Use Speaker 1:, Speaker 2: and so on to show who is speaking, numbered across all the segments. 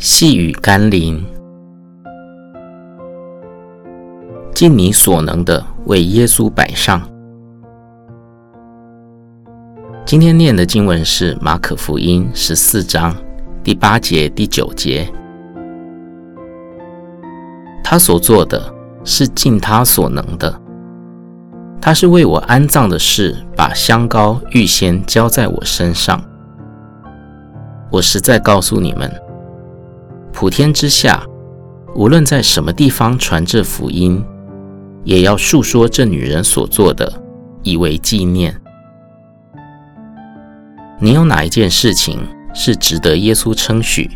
Speaker 1: 細語甘霖，盡你所能地為耶穌擺上。今天念的經文是馬可福音十四章第八節、第九節。他所做的是盡他所能的，他是為我安葬的事，把香膏預先澆在我身上。我實在告訴你們。普天之下，無論在什麼地方傳這福音，也要述說這女人所做的，以為紀念。你有哪一件事情是值得耶穌稱許、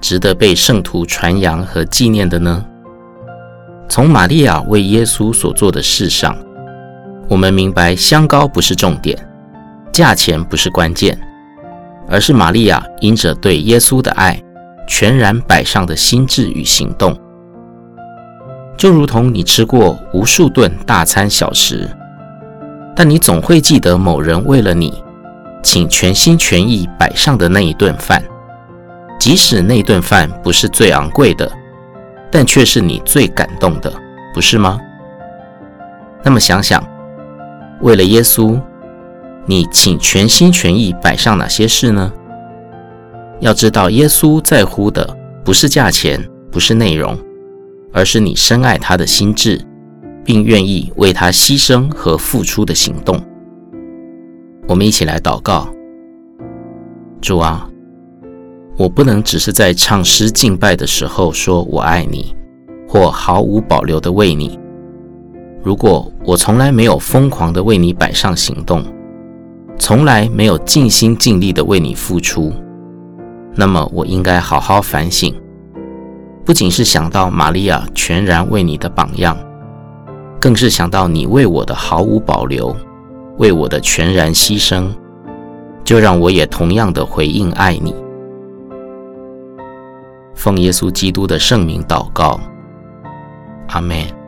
Speaker 1: 值得被聖徒傳揚和紀念的呢？從瑪利亞為耶穌所做的事上，我們明白香膏不是重點，價錢不是關鍵，而是瑪利亞因着對耶穌的愛。全然擺上的心志與行動，就如同你吃過無數頓大餐小食，但你總會記得某人為了你，傾全心全意擺上的那一頓飯，即使那頓飯不是最昂貴的，但卻是你最感動的，不是嗎？那麼想想，為了耶穌，你傾全心全意擺上哪些事呢？要知道，耶穌在乎的不是價錢，不是內容，而是你深愛他的心志，並願意為他犧牲和付出的行動。我們一起來禱告：主啊，我不能只是在唱詩敬拜的時候說我愛你，或毫無保留地為你。如果我從來沒有瘋狂地為你擺上行動，從來沒有盡心盡力地為你付出。那麼我應該好好反省，不僅是想到瑪利亞全然為你的榜樣，更是想到你為我的毫無保留，為我的全然犧牲，就讓我也同樣的回應愛你。奉耶穌基督的聖名禱告，阿們。